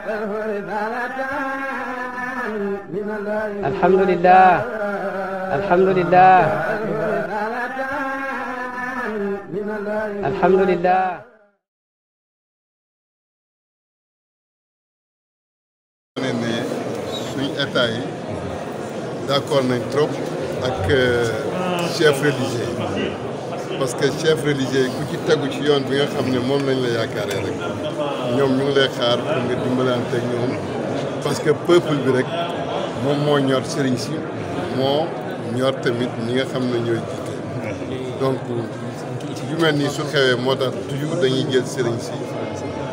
alhamdulilah alhamdulilah alhamdulilah. ne ne suñ état yi d'accord nañ trop ak euh, chef religieux parce que chef religieux yi ku ci tegu ci yoon bi nga xam ne moom lañ la yaakaaree rek ñoom ñu ngi lay xaar pour nga dimbalante ñoom parce que peuple bi rek moom moo ñor sëriñ si moo ñor tamit ñi nga xam ne ñooy jiite donc yu mel nii su xewee moo tax toujours dañuy jël sëriñ si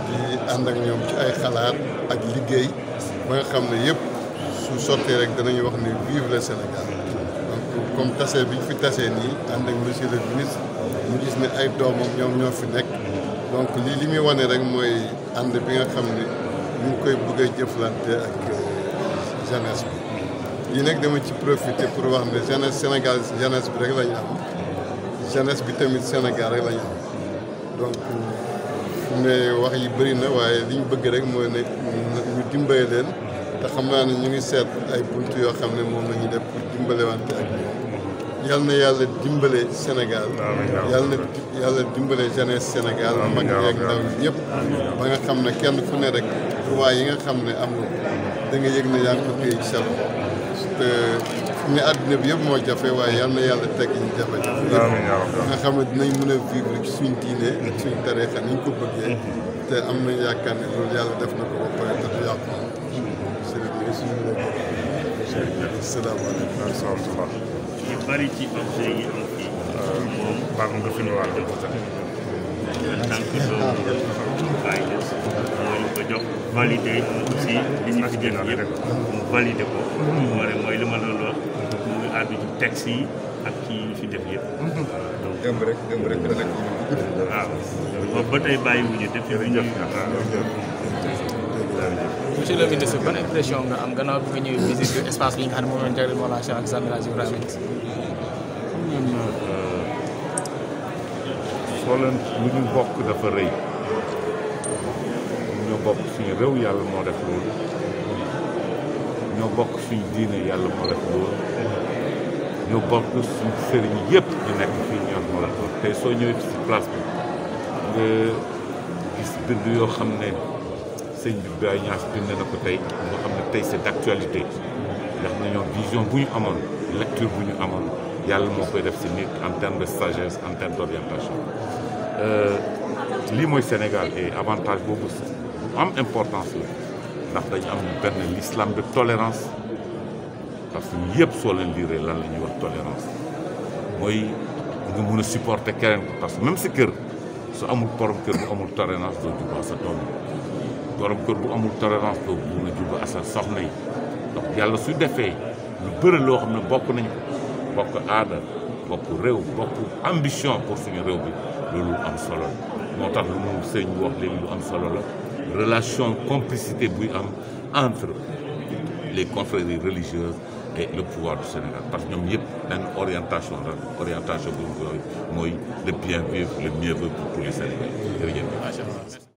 di ànd ak ñoom ci ay xalaat ak liggéey ba nga xam ne yëpp su sottee rek danañu wax ne vive le Sénégal. comme tase bi ñu fi tasee nii ànd ak monsieur le ministre ñu gis ne ay doomam ñoom ñoo fi nekk donc lii li muy wane rek mooy ànd bi nga xam ne ñu ngi koy bëgg jëflante ak jeunesse bi. lii nag dama ci profiter pour wax ne jeunesse Sénégal jeunesse bi rek la ñu am jeunesse bi tamit Sénégal rek la ñu am donc ne wax yi bëri na waaye li bëgg rek mooy ne ñu dimbale leen te xam naa ni ñu ngi seet ay bunt yoo xam ne moom la def pour dimbalewante ak yal na yàlla dimbale Sénégal yal na yàlla dimbale jeunesse Sénégal mag yeeg ndaw ñi ba nga xam ne kenn fu ne rek droit yi nga xam ne am na da nga yëg na yaa ngi ko ne àddina bi yëpp moo jafe waaye yal na yàlla teg ñu jafe-jafe nga xam ne dinañ mën a vivre ci suñ diine suñ tariixa ni ñu ko bëggee te am nañ yaakaar ne loolu yàlla def na ko ba pare te du yàqu bari ci objet yi am fii. moom baax nga fi ñu war a jox sax. tant que doo bàyyi des mooy ko jox validé aussi li ñu fi génn yëpp mu validé ko. mooy mooy li ma doon wax mu ngi àddu ci texte yi ak kii yi fi def yëpp. donc démb rek démb rek dana ko. waaw boobu ba tey bàyyi wu ñu def yëpp ñu monsieur le ministre ban impression nga am gannaaw bi nga ñëwee visite espace bi nga xam ne moom la ñu jagleel Mawlana Cheikh Alexandre Ibrahima leen soo leen ñu bokk dafa rëy ñoo bokk suñu réew yàlla moo def loolu ñoo bokk suñu diine yàlla sëriñ yëpp ñu nekk fii ñoo moo def loolu tey soo ñëwee ci place bi nga gis bind yoo xam ne sëñ bi Baye Niass bind na ko tey nga xam ne tey c'est d'actualité ndax nañoo vision bu ñu amoon lecture bu ñu amoon yàlla moo koy def si nit en termes de sagesse en termes d' orientation euh, lii mooy Sénégal et avantage boobu am importance la ndax dañu am benn l'islam de tolérance parce que yëpp soo leen liiree lan la wax tolérance mooy nga mun a supporter keneen parce que même si kër su amul borom bu amul tolérance doo jubaa sa doom borom kër bu amul tolérance doo mun a jubaa sa soxna yi donc yàlla su defee lu bëri loo xam ne bokk nañu bokk aada bokk réew bokk ambition pour suñu réew bi loolu am solo la moo tax lu mu sëñ wax lu am solo la relation complicité buy am entre les confréries religieuses et le pouvoir du Sénégal parce que ñoom yëpp benn orientation la orientation bu mooy le bien vivre le mieux vivre pour tous les Sénégalais jërëjëf